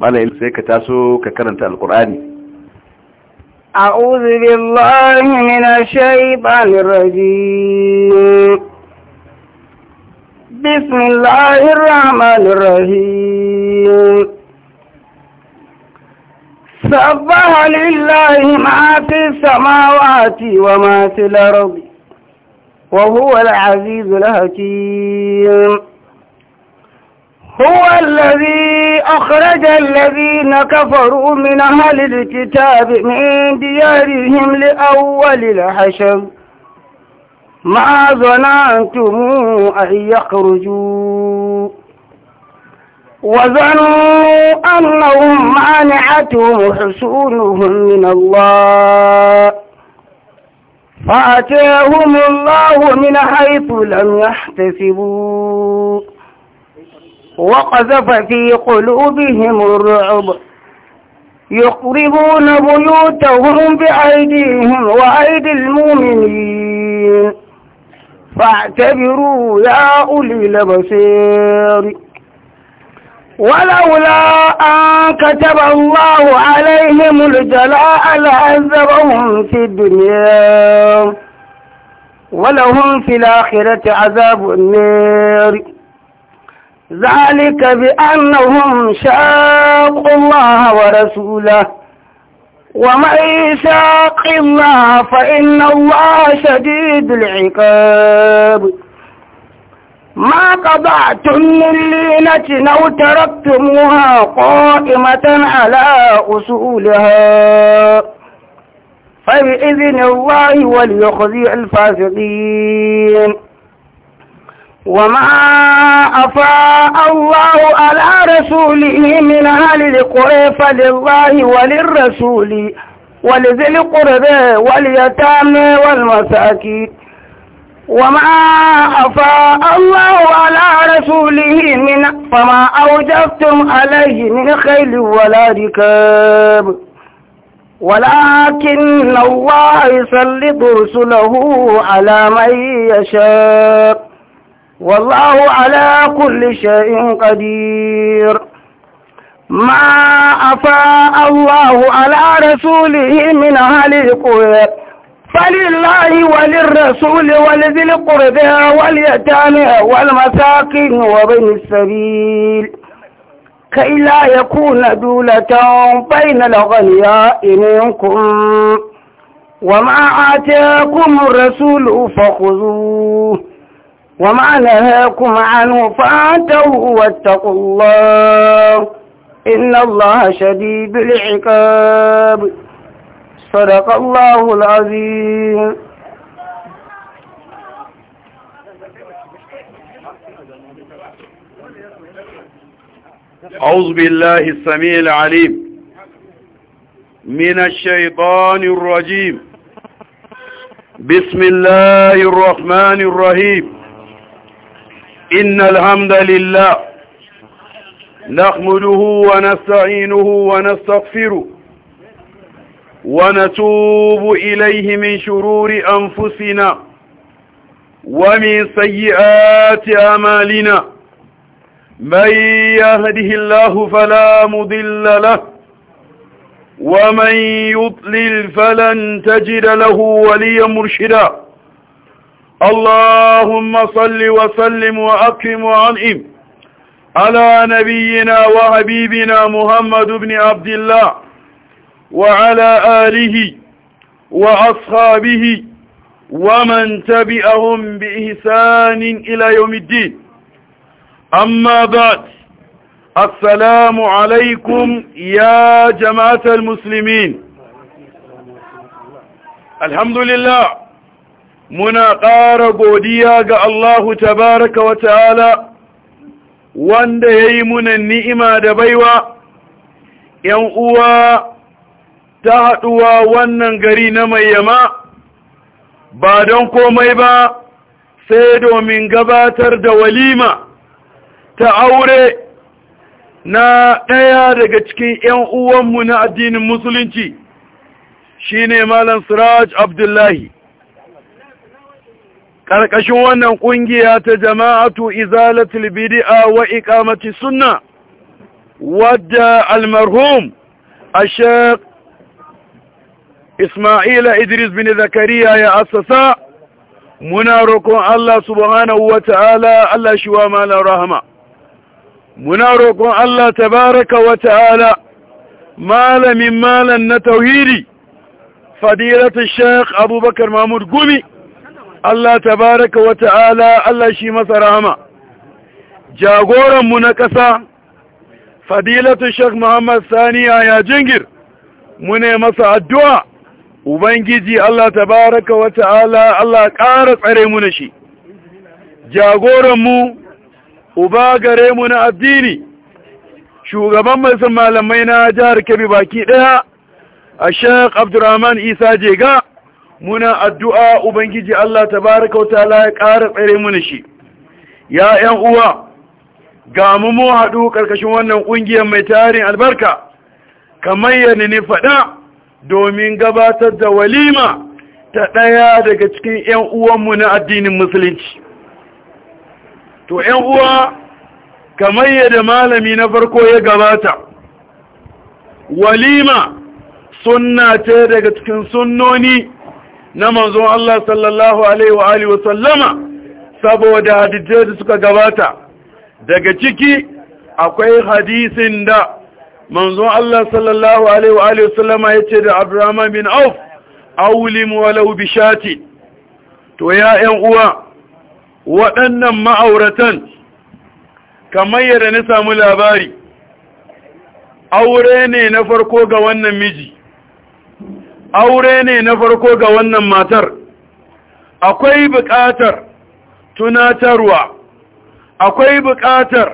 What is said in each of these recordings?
malam sai ka taso ka karanta alkur'ani أعوذ بالله من الشيطان الرجيم بسم الله الرحمن الرحيم سبح لله ما في السماوات وما في الأرض وهو العزيز الحكيم هو الذي أخرج الذين كفروا من أهل الكتاب من ديارهم لأول الحشر ما ظننتم أن يخرجوا وظنوا أنهم مانعتهم حصونهم من الله فأتاهم الله من حيث لم يحتسبوا وقذف في قلوبهم الرعب يقربون بيوتهم بأيديهم وأيدي المؤمنين فاعتبروا يا أولي البصير ولولا أن كتب الله عليهم الجلاء لعذبهم في الدنيا ولهم في الآخرة عذاب النار ذلك بأنهم شاقوا الله ورسوله ومن يشاق الله فإن الله شديد العقاب ما قطعتم من لينة أو تركتموها قائمة على أصولها فبإذن الله وليخزي الفاسقين وما أفاء الله على رسوله من أهل القرى فلله وللرسول ولذي القربى واليتامى والمساكين وما أفاء الله على رسوله من فما أوجبتم عليه من خيل ولا ركاب ولكن الله يسلط رسله على من يشاء والله على كل شيء قدير ما أفاء الله على رسوله من أهل القرى فلله وللرسول ولذي القربى واليتامى والمساكين وبين السبيل كي لا يكون دولة بين الأغنياء منكم وما آتاكم الرسول فخذوه وما نهاكم عنه فاتوا واتقوا الله إن الله شديد العقاب صدق الله العظيم أعوذ بالله السميع العليم من الشيطان الرجيم بسم الله الرحمن الرحيم إن الحمد لله نحمده ونستعينه ونستغفره ونتوب إليه من شرور أنفسنا ومن سيئات أمالنا من يهده الله فلا مضل له ومن يضلل فلن تجد له وليا مرشدا اللهم صل وسلم وأكرم وأنعم على نبينا وحبيبنا محمد بن عبد الله وعلى آله وأصحابه ومن تبعهم بإحسان إلى يوم الدين أما بعد السلام عليكم يا جماعة المسلمين الحمد لله muna ƙara godiya ga Allahu tabaraka wa ta'ala wanda ya yi munan ni'ima da baiwa, ‘yan uwa ta haɗuwa wannan gari na mai yama, ba don komai ba sai domin gabatar da walima ta aure na ɗaya daga cikin ‘yan uwanmu na addinin Musulunci, shi ne Malam Siraj Abdullahi. ƙarƙashin wannan ƙungiya ta jama'atu izalatul bid'a wa iqamati sunna wadda almarhum ash-shaykh Isma'ila Idris bin Zakariya ya assasa muna roƙon Allah subhanahu wata'ala Allah shi wa malan rahama muna roƙon Allah tabaraka wata'ala malamin malan na tauhidi fadilatu Sheikh Abubakar Mahmud Gumi Allah tabaraka wa ta'ala Allah shi masa rahama jagoranmu na ƙasa fadilatu Sheikh Muhammad Sani ya jingir mu ne masa addu'a ubangiji Allah tabaraka wa ta'ala Allah ƙara tsare mu na shi jagoranmu uba gare mu na addini shugaban masu malamai na jihar Kebbi baki ɗaya a Sheikh Abdurrahman Isa Jega muna addu'a ubangiji Allah ta wa la ya ƙara tsare muni shi ya 'yan uwa ga mu mu haɗu ƙarƙashin wannan ƙungiyar mai tarin albarka kamar yana ne faɗa domin gabatar da walima ta ɗaya daga cikin ‘yan uwanmu na addinin musulunci. To, ‘yan uwa, kamar da malami na farko ya gabata, walima suna ta daga cikin sunnoni na manzon Allah sallallahu alaihi wa alihi wa sallama saboda hadisai da suka gabata daga ciki akwai hadisin da manzon Allah sallallahu alaihi wa alihi wa sallama yace da Abdurrahman bin Auf awlim walau bishati to ya ƴan uwa waɗannan ma'auratan kamar yadda na samu labari aure ne na farko ga wannan miji aure ne na farko ga wannan matar akwai buƙatar tunatarwa akwai buƙatar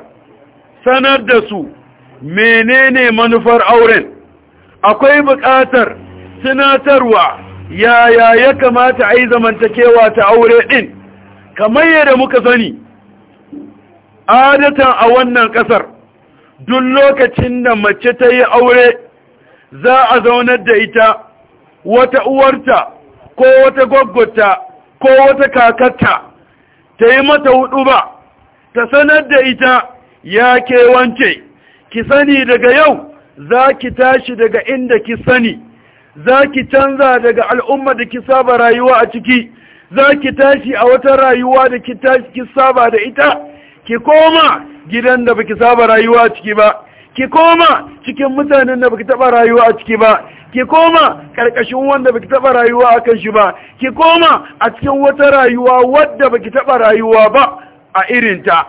sanar da su menene manufar auren akwai buƙatar tunatarwa yaya ya kamata a yi zamantakewa ta aure ɗin kamar yadda muka sani adatan a wannan ƙasar duk lokacin da mace ta yi aure za a zaunar da ita wata uwarta ko wata gwaggwata ko wata kakarta ta yi mata hudu ba ta sanar da ita ya ke wance ki sani daga yau za ki tashi daga inda ki sani za ki canza daga al'umma da ki saba rayuwa a ciki za ki tashi a wata rayuwa da ki tashi ki saba da ita ki koma gidan da ba ki saba rayuwa a ciki ba ki koma cikin mutanen da ba ki taba rayuwa a ciki ba ki koma ƙarƙashin wanda baki taba rayuwa akan shi ba ki koma a cikin wata rayuwa wadda baki taɓa rayuwa ba a irinta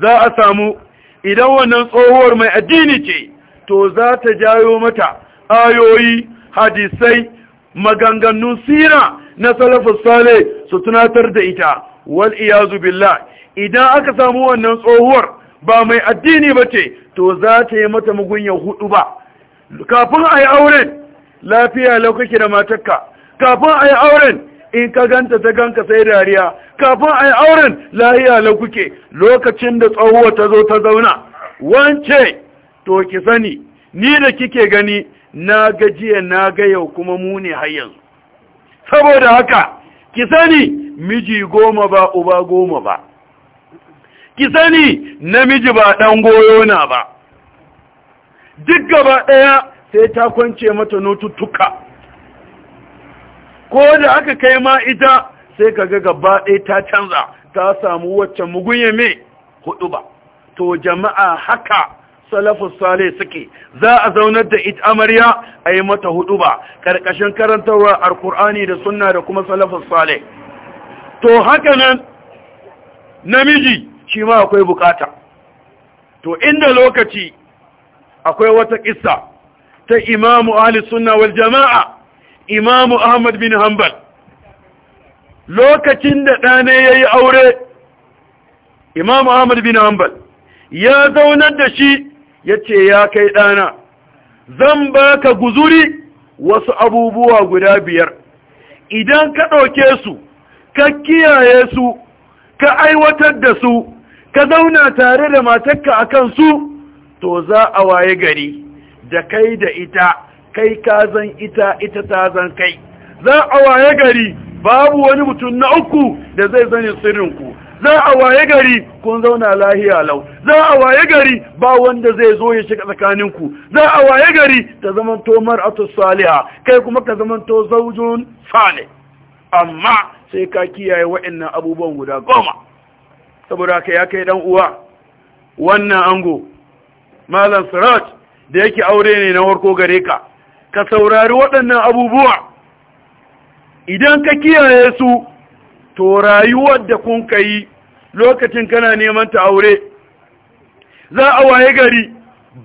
za a samu idan wannan tsohuwar mai addini ce to za ta jayo mata ayoyi hadisai maganganun sira na salafus sale su tunatar da ita wal iyazu billah idan aka samu wannan tsohuwar ba mai addini ba ce to za ta yi mata mugunyar hudu ba kafin a yi auren lafiya lau da matakka. kafin a yi auren in ka ganta ta ganka sai dariya kafin a yi auren lahiya lau lokacin da tsawo ta zo ta zauna wance to ki sani ni da kike gani na gajiya na ga yau kuma mu ne har yanzu saboda haka ki sani miji goma ba uba goma ba ki sani namiji ba ɗan goyona ba duk gaba ɗaya sai ta kwance mata notuttuka ko da aka kai ma ita sai ka ga gaba ɗaya ta canza ta samu wacce mugunye me hudu ba to jama'a haka salafus sale suke za a zaunar da ita amarya a yi mata hudu ba ƙarƙashin karantarwa alkur'ani da sunna da kuma salafus sale to haka nan namiji shi ma akwai bukata to inda lokaci akwai wata kissa ta imamu ahli sunna wal jama'a imamu ahmad bin hanbal lokacin da ɗane ya yi aure imamu ahmad bin hanbal ya zaunar da shi ya ce ya kai ɗana zan baka guzuri wasu abubuwa guda biyar idan ka ɗauke su ka kiyaye su ka aiwatar da su ka zauna tare da matakka a kansu to za a waye gari da kai da ita kai ka zan ita ita ta zan kai za a waye gari babu wani mutum na uku da zai zane sirrinku za a waye gari kun zauna lahiya lau za a waye gari ba wanda zai zo ya shiga tsakaninku za a waye gari ta zamanto mar'atu saliha kai kuma ka zamanto zaujun salih amma sai ka kiyaye wa'annan abubuwan guda goma saboda ka ya kai dan uwa wannan ango malam siraj da yake aure ne na warko gare ka ka saurari waɗannan abubuwa idan ka kiyaye su to rayuwar da kun yi lokacin kana neman ta aure za a waye gari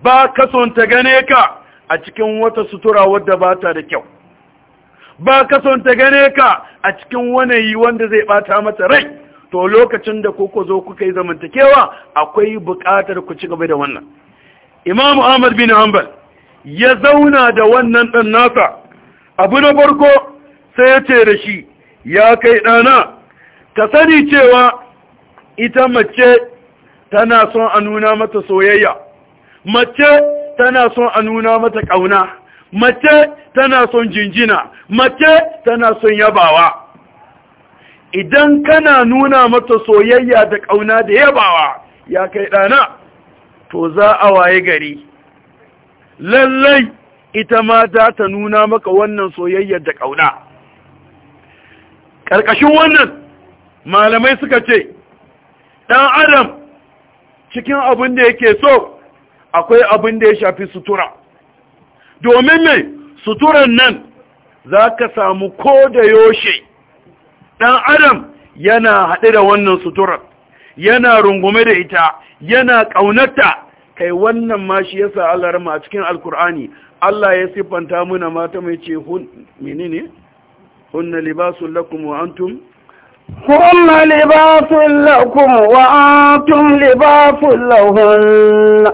ba ka son ta gane ka a cikin wata sutura wadda ba ta da kyau ba ka son ta gane ka a cikin wanayi wanda zai bata mata rai to lokacin da kuka zo kuka yi zamantakewa akwai buƙatar ku ci gaba da wannan Imam ahmad bin hanbal ya zauna da wannan ɗan nasa abu na farko sai ya ce da shi ya kai ɗana ka sani cewa ita mace tana son a nuna mata soyayya mace tana son a nuna mata ƙauna mace tana son jinjina mace tana son yabawa idan kana nuna mata soyayya da ƙauna da yabawa ya kai ɗana to za a waye gari lallai ita ma za ta nuna maka wannan soyayyar da ƙauna ƙarƙashin wannan malamai suka ce ɗan adam cikin abin da yake so akwai abin da ya shafi sutura domin mai suturan nan za ka samu ko da yoshe ɗan adam yana haɗe da wannan suturar yana rungume da ita yana ƙaunarta kai wannan ma shi Allah a cikin alkur'ani Allah ya siffanta muna mata mai ce hun menene hunna libasul lakum wa antum hunna libasul lakum wa antum libasul lahun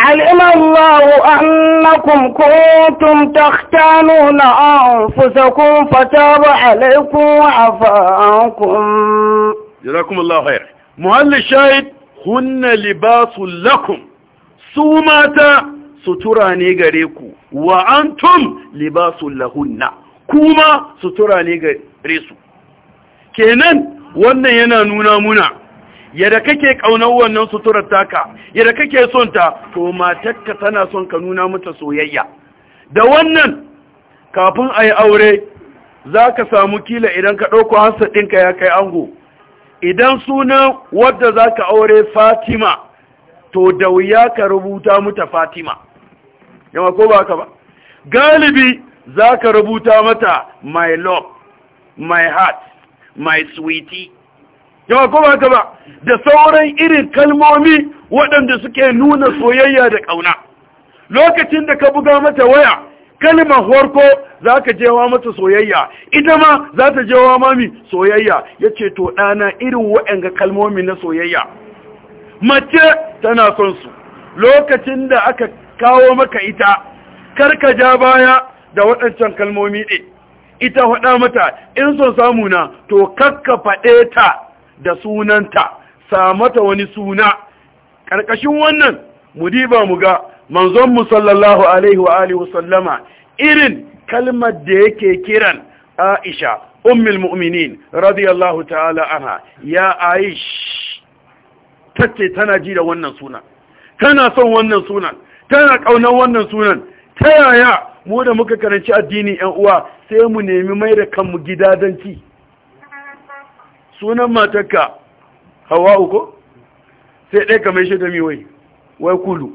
علم الله أنكم كنتم تختانون أنفسكم فتاب عليكم وعفى عنكم جزاكم الله خير مهل الشاهد هن لباس لكم su mata sutura ne gare ku wa antum libasul lahunna kuma sutura ne gare su kenan wannan yana nuna muna yadda kake kaunar wannan suturar taka yadda kake son ta to matarka tana son ka nuna mata soyayya da wannan kafin a yi aure zaka samu kila idan ka ɗauko hasa ɗinka ya kai ango idan suna wadda za ka aure fatima to da wuya ka rubuta mata fatima yawa ko ba ka ba galibi za ka rubuta mata my love my heart my sweetie yawa ko ba ka ba da sauran irin kalmomi waɗanda suke nuna soyayya da ƙauna lokacin da ka buga mata waya kalmar horko za ka jewa mata soyayya ita ma za ta jewa mami soyayya ya ce to ɗana irin waɗanga kalmomi na soyayya mace tana son su lokacin da aka kawo maka ita karka ja baya da waɗancan kalmomi ɗin ita faɗa mata in son samu na to ka faɗe ta da sunanta samata wani suna ƙarƙashin wannan mudiba mu ga manzonmu sallallahu alaihi wa alihi sallama irin kalmar da yake kiran Aisha ummul mu'minin radiyallahu ta'ala anha ya Aisha. ce tana ji da wannan sunan tana son wannan sunan tana ƙaunar wannan sunan ta yaya mu da muka karanci addini ɗan uwa sai mu nemi mai da kanmu gida don sunan matarka hawa uku sai ɗaya kamar shi da miwai wai kulu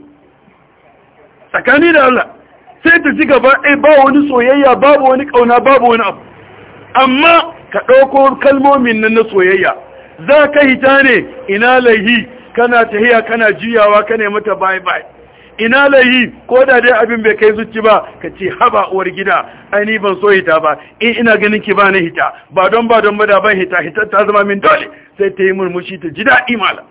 tsakani da Allah sai ta ci gaba ɗai eh, ba wani soyayya babu wani ƙauna babu wani abu amma ka ɗauko kalmomin nan na soyayya za ka hita ne ina laihi kana tahiya kana jiyawa ka ne mata bye bye ina layi ko da dai abin bai kai zuci ba ka ce haba uwar gida aini ban so hita ba in ina ganin ki bani hita ba don ba don bada ban hita hita ta zama min dole sai ta yi murmushi ta ji daɗi mala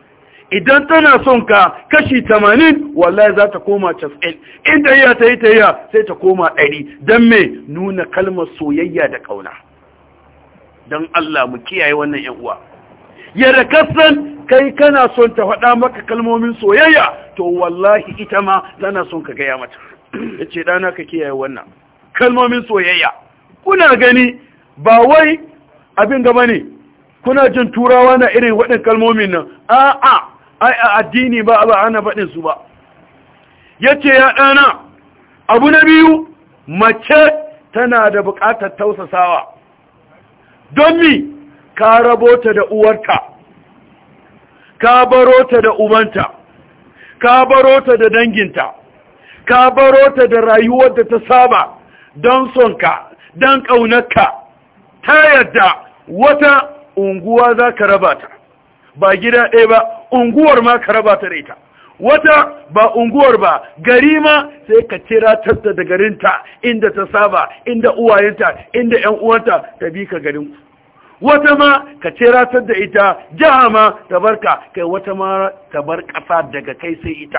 idan tana son ka kashi 80 wallahi za ta koma 90 in tayya ta yi tayya sai ta koma 100 don me nuna kalmar soyayya da kauna don Allah mu kiyaye wannan yan uwa ya kasan kai kana son ta faɗa maka kalmomin soyayya to wallahi ita ma tana son ka gaya mata ya ce ɗana ka kiyaye wannan kalmomin soyayya kuna gani ba wai abin gaba ne kuna jin turawa na irin waɗin kalmomin nan a'a ai a addini ba ba ana faɗin su ba ce ya ɗana abu na biyu mace tana da buƙatar tausasawa don mi ka rabo ta da uwarta ka baro ta da ubanta ka baro ta da danginta ka baro ta da rayuwar da ta saba don sonka don ƙaunarka ta yadda wata unguwa za ka raba ta ba gida ɗaya ba unguwar ma ka raba ta ita wata ba unguwar ba gari ma sai ka cira tatta da garinta inda ta saba inda uwayenta inda 'yan uwanta ta bi ka garinku wata ma ka ce ratar da ita jiha ma ta barka kai wata ma ta bar ƙasa daga kai sai ita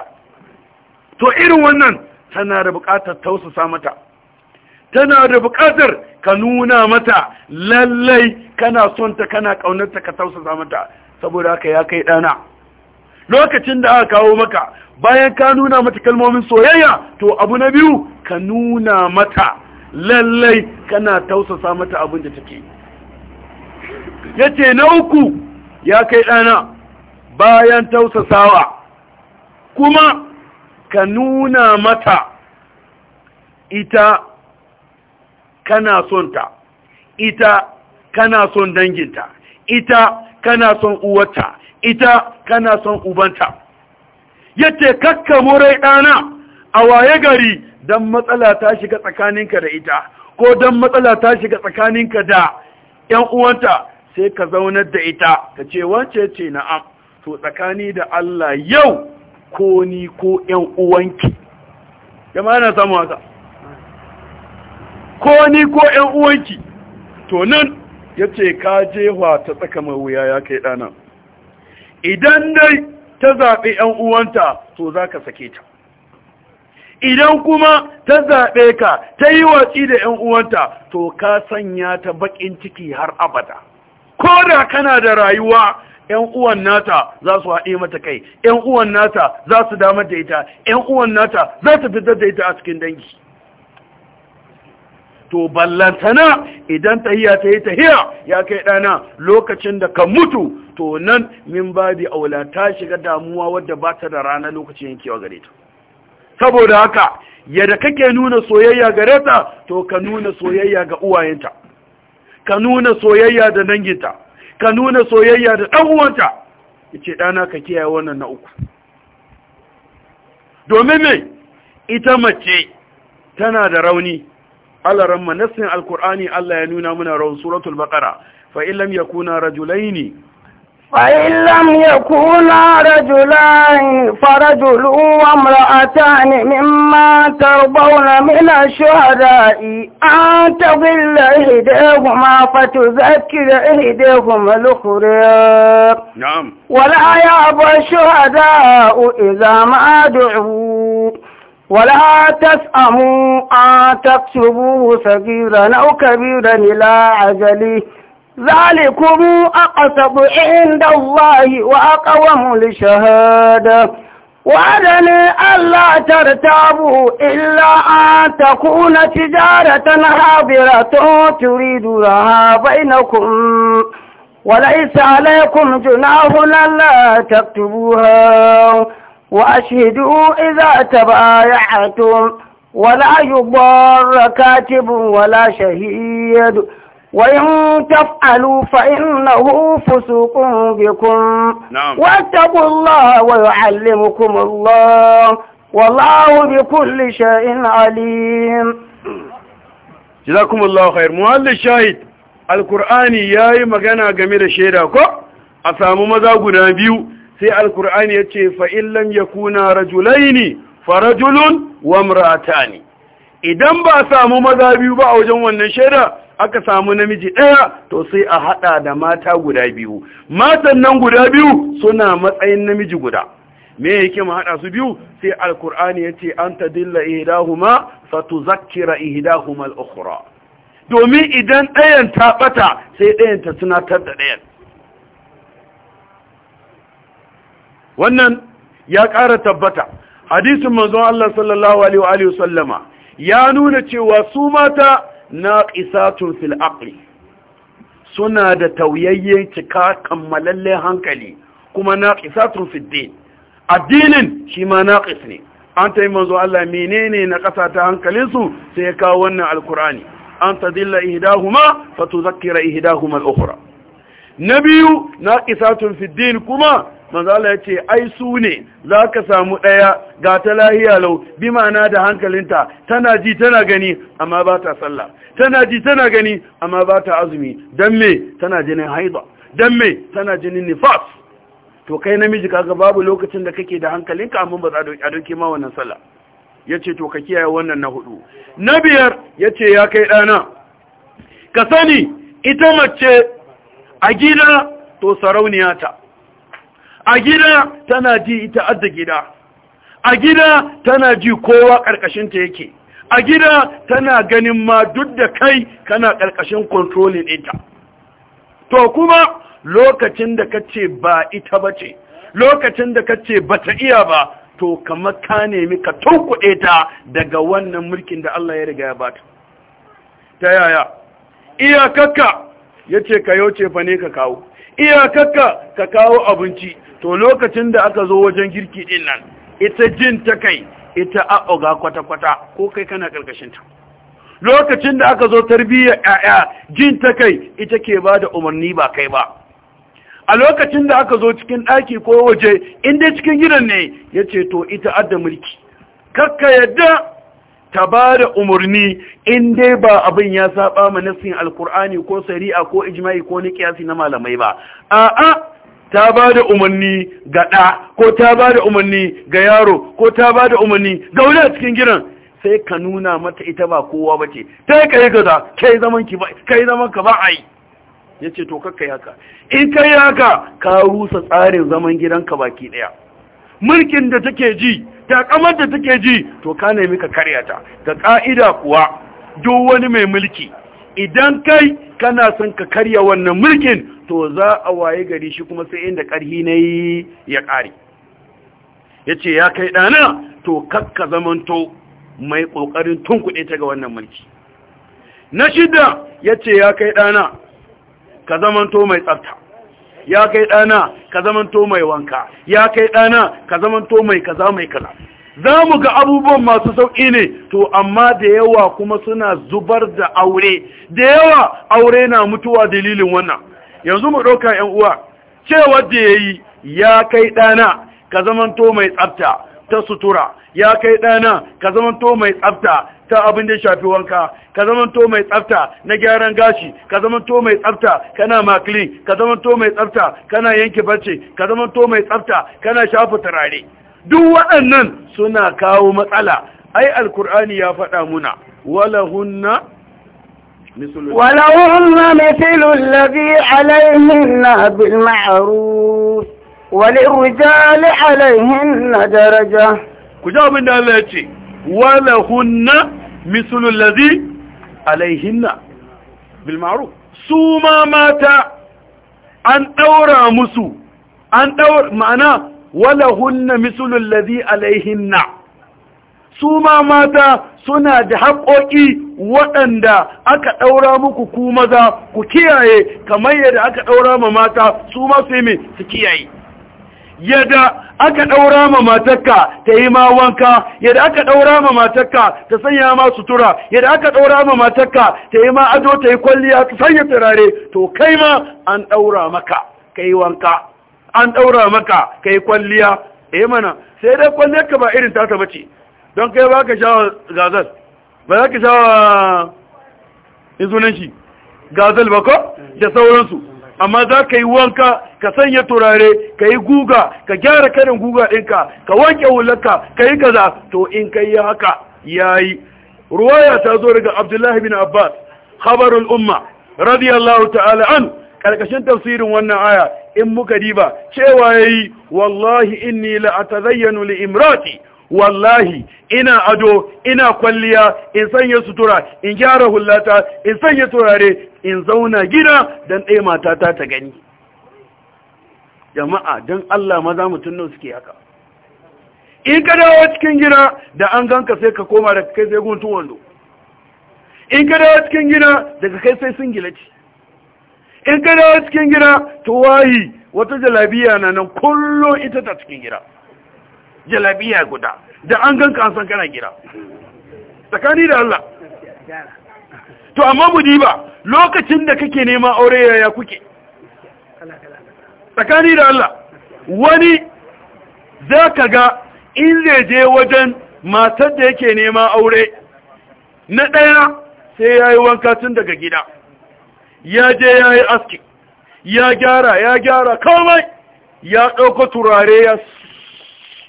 to irin wannan tana da buƙatar tausasa mata tana da buƙatar ka nuna mata lallai kana son ta kana ƙaunarta ka tausasa mata saboda haka ya kai ɗana lokacin da aka kawo maka bayan ka nuna mata kalmomin soyayya to abu na biyu ka nuna mata lallai kana tausasa mata abin da take ya ce na uku ya kai ɗana bayan tausasawa kuma ka nuna mata ita kana son ta ita kana son danginta ita kana son uwarta ita kana son ubanta yace kakka murai ɗana a waye gari don matsala ta shiga tsakaninka da ita ko don matsala ta shiga tsakaninka da ‘yan uwanta sai ka zaunar da ita ka ce wance ce na'am to tsakani da Allah yau ko ni ko ‘yan uwanki jama'a yana samu haka ko ni ko ‘yan uwanki to nan ya ce ka jewa ta tsaka wuya ya kai ɗana idan dai ta zaɓi ‘yan uwanta to za ka sake ta idan kuma ta zaɓe ka ta yi watsi da ‘yan uwanta to ka sanya ta baƙin ciki har abada ko da kana da rayuwa ‘yan uwan nata za su haɗe mata kai ‘yan uwan nata za su damar da ita ‘yan uwan nata za su fitar da ita a cikin dangi to ballantana idan tahiya ta yi tahiya ya kai ɗana lokacin da ka mutu to nan min babi aula ta shiga damuwa wadda ba ta da rana lokacin yankewa gare ta saboda haka yadda kake nuna soyayya gare ta to ka nuna soyayya ga uwayenta ka nuna soyayya da danginta ka nuna soyayya da ɗan uwanta Ice ɗana ka kiyaye wannan na uku domin me ita mace tana da rauni alaran manassin alkur'ani Allah ya nuna muna raun suratul baqara fa in lam yakuna rajulaini فإن لم يكونا رجلان فرجل وامرأتان مما ترضون من الشهداء أن تضل إهداهما فتذكر إهداهما الأخرى نعم ولا يأبى الشهداء إذا ما دعوا ولا تسأموا أن تكتبوا صغيرا أو كبيرا إلى عجله ذلكم أقسط عند الله وأقوم للشهادة وأدني ألا ترتابوا إلا أن تكون تجارة حاضرة تريدونها بينكم وليس عليكم جناح ألا تكتبوها وأشهدوا إذا تبايعتم ولا يضر كاتب ولا شهيد وإن تفعلوا فإنه فسوق بكم نعم. واتقوا الله ويعلمكم الله والله بكل شيء عليم جزاكم الله خير مهل الشاهد alkur'ani ya yi magana game da shaida ko a samu maza guda biyu sai alkur'ani ya ce fa'illam ya kuna rajulaini farajulun wa murata ne idan ba samu maza biyu ba a wajen wannan shaida aka samu namiji ɗaya to sai a haɗa da mata guda biyu matan nan guda biyu suna matsayin namiji guda me yake mu haɗa su biyu sai alkur'ani ya ce an ta dilla ihdahuma tuzakkira ihdahuma al-ukhra domin idan ɗayan ta ɓata sai ɗayan ta tunatar da ɗayan wannan ya ƙara tabbata hadisin manzon Allah sallallahu alaihi wa sallama ya nuna cewa su mata Naƙisatun fil aqli suna da tauyayyen cika kammalalle hankali kuma naqisatun fid addinin shi ma ne an tayi manzo Allah menene na ƙasa ta hankalin su sai ya kawo wannan alkur'ani an tadilla ihdahuma fatuzakkira ihdahuma al-ukhra Na biyu fid din kuma manzala ya ce ai su ne za ka samu ɗaya ga ta lahiya lau bi ma'ana da hankalinta tana ji tana gani amma ba ta sallah tana ji tana gani amma ba ta azumi don me tana jinin haiba don me tana jinin nifas to kai namiji kaga babu lokacin da kake da hankalinka amma ba za a doke ma wannan sallah ya ce to ka kiyaye wannan na hudu na biyar ya ce ya kai ɗana ka sani ita mace a gida to sarauniya ta a gida tana ji ita adda gida a gida tana ji kowa ƙarƙashinta yake a gida tana ganin ma duk da kai kana ƙarƙashin kontrolin ita. to kuma lokacin da ka ce ba ita ba ce lokacin da ka ce ba ta iya ba to kamar ka nemi ka tunkuɗe ta daga wannan mulkin da Allah ya riga ya bata ta yaya iyakakka ya ce ka yauce ba fa ne ka kawo iyakakka ka kawo abinci to lokacin da aka zo wajen girki din nan ita jin ta kai ita oga kwata-kwata ko kai kana ƙarƙashinta lokacin da aka zo tarbiyyar 'ya'ya jin ta kai ita ke ba da umarni ba kai ba a lokacin da aka zo cikin ɗaki ko waje inda cikin gidan ne ya ce to ita adda mulki kakka yadda ta ba da umarni in dai ba abin ya saba ma nasin alkur'ani ko sari'a ko ijma'i ko na kiyasi na malamai ba a'a ta ba da umarni ga ɗa ko ta ba da umarni ga yaro ko ta ba da umarni ga wani a cikin gidan sai ka nuna mata ita ba kowa ba ce ta yi kayi gaza kai zaman ki zaman ka ba a yi ya ce to kakka haka in kai haka ka rusa tsarin zaman gidanka baki ɗaya mulkin da take ji ta kamar da take ji to ka nemi ka karyata. ga ƙa'ida kuwa duk wani mai mulki idan kai kana son ka karya wannan mulkin to za a waye gari shi kuma sai inda ƙarhi na yi ya ƙare ya ce ya kai ɗana to kakka zamanto mai ƙoƙarin tunkuɗe ta ga wannan mulki na shida ya ce ya kai ɗana ka zamanto mai tsafta ya kai ɗana ka zamanto mai wanka ya kai ɗana ka zamanto mai kaza mai kaza za mu ga abubuwan masu sauƙi ne to amma da yawa kuma suna zubar da aure da yawa aure na mutuwa dalilin wannan yanzu mu ɗauka ‘yan uwa cewa da ya yi ya kai ɗana ka zamanto mai tsafta ta sutura ya kai ɗana ka zamanto mai tsafta ta abin da shafi wanka ka zamanto mai tsafta na gyaran gashi ka zamanto mai tsafta kana makilin ka zamanto mai tsafta kana yanke bacci ka zamanto mai tsafta kana shafa turare duk waɗannan suna kawo matsala ai alkur'ani ya faɗa muna walahunna walahunna mithlul ladhi alayhinna bil ma'ruf wal rijali alayhinna daraja ku ji abin da Allah ya ce walahunna mithlul ladhi alayhinna bil su ma mata an daura musu an daura ma'ana wala hunna misulul ladhi alaihinna su ma mata suna da haƙoƙi waɗanda aka ɗaura muku ku maza ku kiyaye kamar yadda aka ɗaura ma mata su ma su yi su kiyaye yadda aka ɗaura ma matarka ta yi ma wanka yadda aka ɗaura ma matarka ta sanya ma sutura yadda aka ɗaura ma matarka ta yi ma ado ta yi kwalliya ta sanya turare to kai ma an ɗaura maka ka wanka an ɗaura maka ka yi kwalliya e mana sai dai kwalliyar ka ba irin tata bace don kai ba ka sha gazal ba za ka sha in sunan shi gazal ba ko da sauransu amma za ka yi wanka ka sanya turare ka yi guga ka gyara karin guga ɗinka ka wanke hularka ka yi kaza to in ka yi haka ya yi ruwaya ta zo daga abdullahi bin abbas khabarul umma radiyallahu ta'ala an karkashin tafsirin wannan aya in muka diba cewa yayi wallahi inni la atazayyanu li imrati wallahi ina ado ina kwalliya in sanya sutura in gyara hullata in sanya turare in zauna gida dan ɗaya matata ta gani jama'a don Allah maza mutum nan suke haka in ka dawo cikin gida da an ganka sai ka koma da kai sai gun wando in ka dawo cikin gida daga kai sai sun gilaci in ka dawo cikin gida wayi wata jalabiya na nan kullum ita ta cikin gida jalabiya guda da an ganka an san kana gida tsakani da Allah to amma mu diba lokacin da kake nema aure yaya kuke tsakani da Allah wani za ka ga in zai je wajen matar da yake nema aure na ɗaya sai ya yi wanka tun daga gida ya je ya yi aski ya gyara ya gyara kawai ya ɗauka turare ya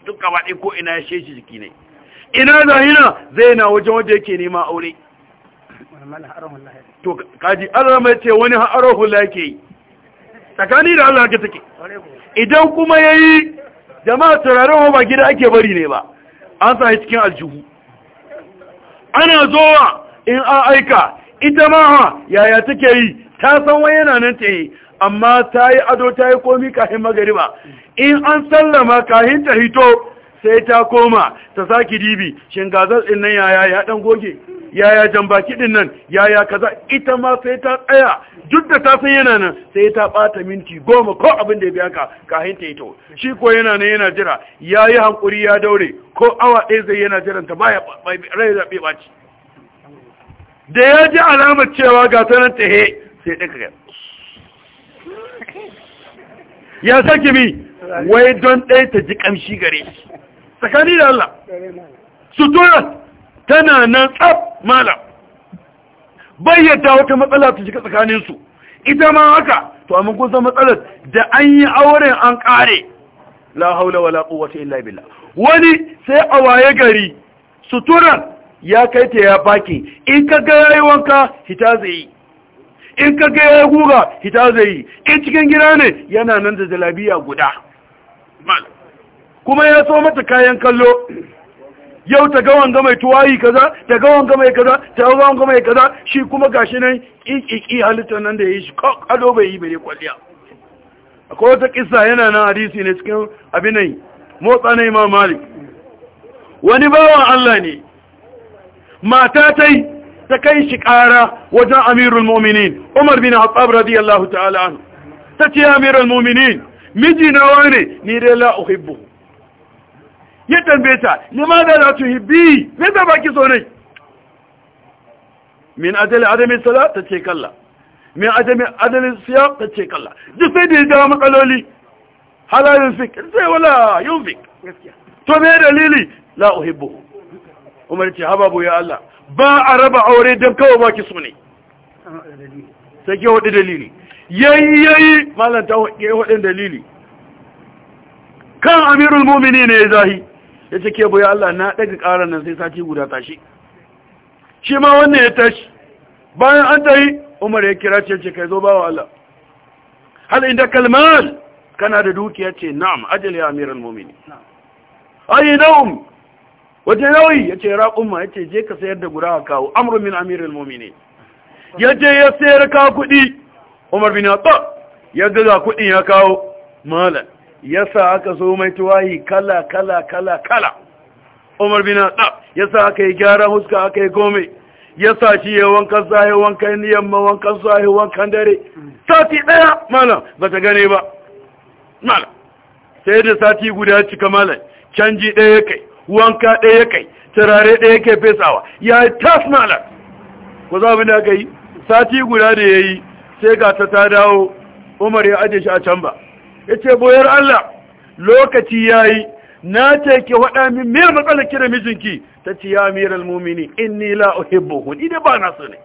duka gaba ko ina ya sheshi jiki ne ina zahina zai na wajen wajen yake nema aure to kaji allah mai ce wani ha'arar hula yake yi tsakani da allah ga take idan kuma ya yi jama'a turaren ba gida ake bari ne ba an sa cikin aljihu ana zowa in an aika ita ma yaya take yi ta san wani yana nan ta yi amma ta yi ado ta yi komi kahin magariba in an sallama kahin ta hito sai ta koma ta saki dibi shingazar din nan yaya ya dan goge yaya jambaki ɗin nan yaya kaza ita ma sai ta tsaya duk da ta san yana nan sai ta bata minti goma ko abin da ya biya ka kahin ta hito shi ko yana nan yana jira ya hankuri ya daure ko awa ɗaya zai yana jiran ta baya rai zaɓe baci da ya ji alamar cewa ga sanar ta he sai ya sake bi wai don ɗaya ta ji ƙamshi gare tsakani da Allah sutura tana nan tsab malam bayyata wata matsala ta jika tsakaninsu ita ma haka to amma kun san matsalar da an yi auren an ƙare la haula wala quwwata illa billah wani sai a waye gari suturan ya kai ta ya baki in ka ga yayi hita zai yi. in ka ga ya guga hita zai yi in cikin gida ne yana nan da zalabiya guda kuma ya so mata kayan kallo yau ta ga wanga mai tuwayi kaza ta ga wanga mai kaza ta ga mai kaza shi kuma gashi nan ƙiƙiƙi halittar nan da ya yi shi ado bai yi bai kwalliya akwai wata kisa yana nan hadisi ne cikin abinai motsa na imam malik wani bawan Allah ne mata ta yi تكيشك آرا وجاء أمير المؤمنين عمر بن عطاب رضي الله تعالى عنه تتي أمير المؤمنين مجي نواني نيري لا أحبه يتن بيتا لماذا لا تحبي ماذا باكي صوني من أدل عدم الصلاة تتشيك الله من أدل, أدل السياق تتشيك الله جسد الدام قالوا لي هل ينفك ولا ينفك تمير ليلي لا أحبه umar ce hababu ya Allah ba a raba aure don kawo baki su ne sai ke waɗi dalili yayi yayi malam ta ke waɗin dalili kan amirul mumini ne ya zahi ya ce ke ya Allah na ɗaga ƙarar nan sai sati guda tashi shi ma wannan ya tashi bayan an ta yi umar ya kira ce ce kai zo ba wa Allah hal inda kalmar kana da dukiya ce na'am ajali amirul mumini ayi na'am wajen nauyi ya ce raƙumma ya ce je ka sayar da guda a kawo amurin min amirin mominin ya je ya sayar ka kuɗi umar bin hatta ya gaza kuɗin ya kawo malam ya sa aka so mai tuwahi kala kala kala kala umar bin hatta ya sa aka yi gyara huska aka yi gome ya sa shi ya wankan sahi wankan yamma wankan sahi wankan dare sati ɗaya malam ba ta gane ba malam sai da sati guda cika malam canji ɗaya kai wanka ɗaya kai turare ɗaya kai fesawa ya tas malar ku za da aka yi sati guda da ya yi sai ga ta ta dawo umar ya ajiye shi a can ba ya ce boyar allah lokaci ya yi na ce ki waɗa min miyar matsalar kira mijinki ta ce ya miyar almomini in ni la uhibbu hu ni ba na so ne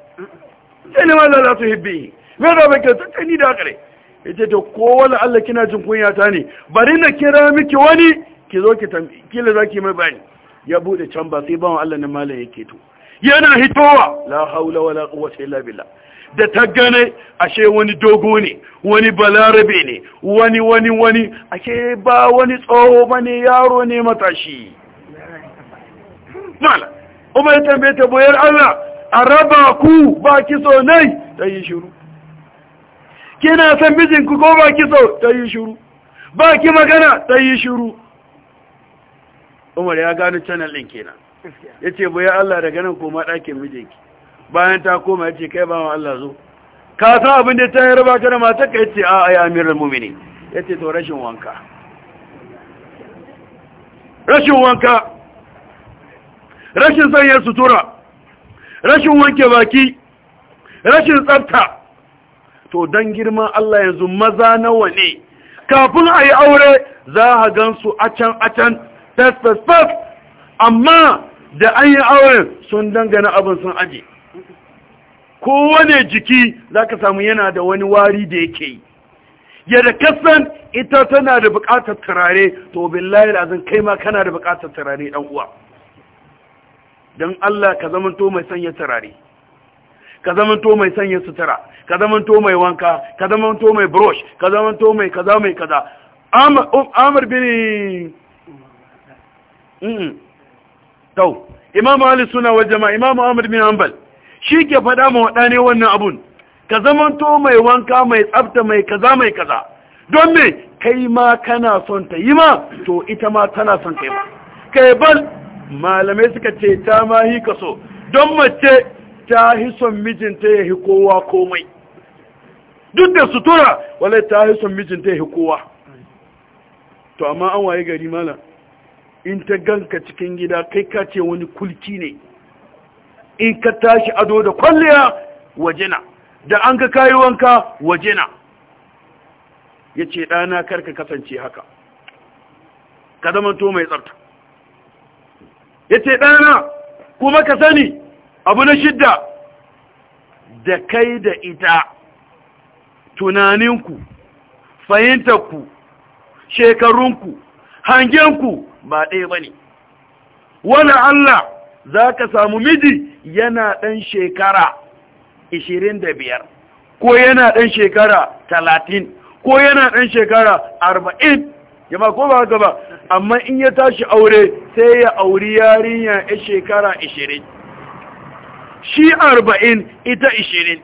sai ne ma la su hibbi me da ba ke ta ni da kare ya ce ta, ko allah kina jin kunya ta ne bari na kira miki wani ki zo ki tambi kila zaki ki mai bayani ya bude can ba sai bawan Allah na malam yake to yana hitowa la haula wala quwwata illa billah da ta gane ashe wani dogo ne wani balarabe ne wani wani wani ashe ba wani tsoho bane yaro ne matashi mala umar tambe ta boyar Allah a raba ku ba kiso nai ta yi shiru kina san mijinku ko ba kiso ta yi shiru ba ki magana ta shiru umar ya gano channel din kenan ya ce ya Allah daga nan koma ɗakin mijinki bayan ta koma ya ce kai ba Allah zo ka san abin da ta yarba ta da matar ka yace ce a ya amiral mumini ya to rashin wanka rashin wanka rashin sanya sutura rashin wanke baki rashin tsafta to don girman Allah yanzu maza nawa ne kafin a yi aure za a can a can? fes amma da an yi auren sun dangana abin sun aje kowane jiki za ka samu yana da wani wari da yake yi yadda kasan ita tana da bukatar turare to billahi lazin kai ma kana da bukatar turare dan uwa don Allah ka zamanto mai sanya turare ka zamanto mai sanya sutura ka zamanto mai wanka ka zamanto mai brush ka zamanto mai kaza mai kaza Amr bin tau imamu Ali suna wa jama'a imamu ahmad bin hanbal shi ke faɗa ma waɗane wannan abun ka zamanto mai wanka mai tsafta mai kaza mai kaza don me kai ma kana son ta yi ma to ita ma tana son kai ma kai bal malamai suka ce ta ma hi ka so don mace ta hi son mijinta ya hi kowa komai duk da sutura wale ta hi son mijinta ya hi kowa to amma an waye gari malam in ta ganka cikin gida kai ka ce wani kulki ne in ka tashi ado da kwalliya wajena da an ka kayi wanka wajena ya ce ɗana karka kasance haka ka zamanto mai tsarta ya ce ɗana kuma ka sani abu na shidda da kai da ita tunaninku fahimtarku shekarunku hangenku ba ɗaya ba ne wani Allah za ka samu miji yana ɗan shekara da biyar, ko yana ɗan shekara talatin, ko yana ɗan shekara arba'in yamma ko ba haka amma in ya tashi aure sai ya auri yarinya ya shekara ishirin, shi arba'in ita ishirin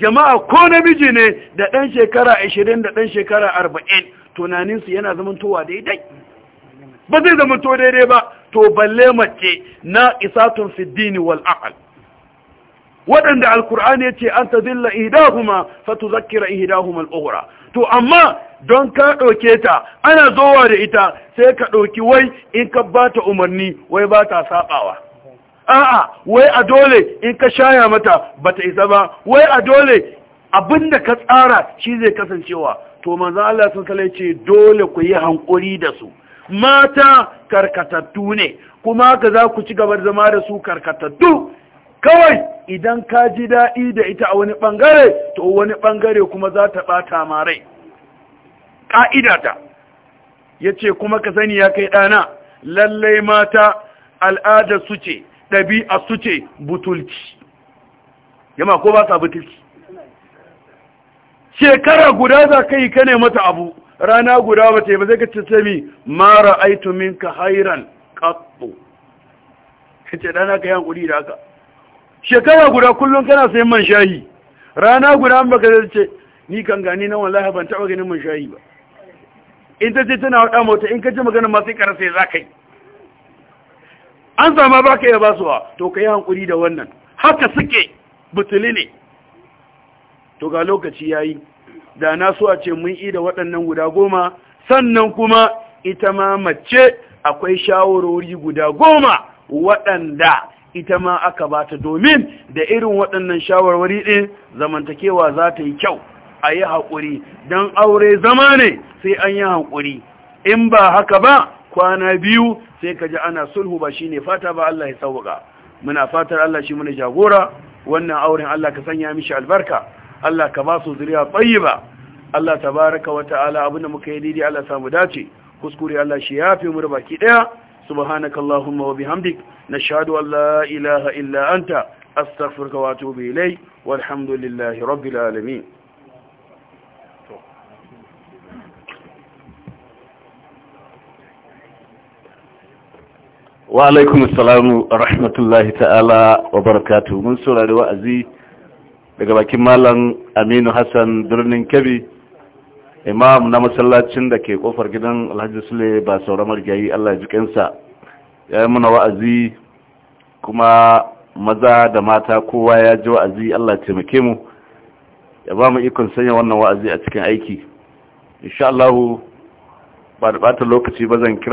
jama'a ko namiji ne da ɗan shekara ashirin da ɗan shekara arba'in tunaninsu yana zamantowa daidai ba zai zama to daidai ba to balle mace na isatun fiddini wal aqal waɗanda alkur'ani yace an ta zilla ihidahuma fatu zakira ihidahuma al'ura to amma don ka ɗauke ta ana zowa da ita sai ka ɗauki wai in ka bata umarni wai ba ta saɓawa a'a wai a dole in ka shaya mata ba ta isa ba wai a dole abinda ka tsara shi zai kasancewa to manzo Allah sun ce dole ku yi hankuri da su mata karkatattu ne kuma haka za ku ci gaba zama da su karkatattu kawai idan ka ji daɗi da ita a wani ɓangare to wani ɓangare kuma za ta ɓata marai ƙa'idata ya ce kuma ka sani ya kai ɗana lallai mata al'adar su ce ɗabi'a su ce butulci yamma ko ba ta butulci shekara guda za ka ka ne mata abu rana guda ba ce ba zai ce sami mara aitumin minka hairan katsu ka ce ka yi da haka shekara guda kullum kana sayan man shayi rana guda an baka zai ce ni kan gani na wallahi ban taɓa ganin man shayi ba in ta ce tana haɗa mota in ka ji magana masu ƙara sai za ka yi an sama ba ka iya basuwa to ka yi hankuli da wannan haka suke butuli ne to ga lokaci ya yi da na so a ce mun yi da waɗannan guda goma sannan kuma ita ma mace akwai shawarori guda goma waɗanda ita ma aka bata domin da irin waɗannan shawarwari ɗin zamantakewa za ta yi kyau a yi haƙuri don aure zama ne sai an yi haƙuri in ba haka ba kwana biyu sai ka ji ana sulhu ba shine fata ba Allah ya sauka muna fatar Allah shi muna jagora wannan auren Allah ka sanya mishi albarka Allah ka ba su zuriya tayyiba Allah baraka wa ta'ala abinda muka yi daidai Allah samu dace kuskure Allah shi ya mu da baki daya subhanakallahumma wa bihamdik nashhadu an la ilaha illa anta astaghfiruka wa atubu ilayk walhamdulillahi rabbil alamin wa alaikum assalamu rahmatullahi ta'ala wa barakatuhu mun saurari wa'azi daga bakin malam aminu hassan birnin kebbi imam na masallacin da ke kofar gidan alhaji sule ba sauramar gayi allah jikinsa ya yi muna wa'azi kuma maza da mata kowa ya ji wa'azi allah taimake mu ya ba mu ikon sanya wannan wa'azi a cikin aiki insha allahu ba da bata lokaci ba zan kira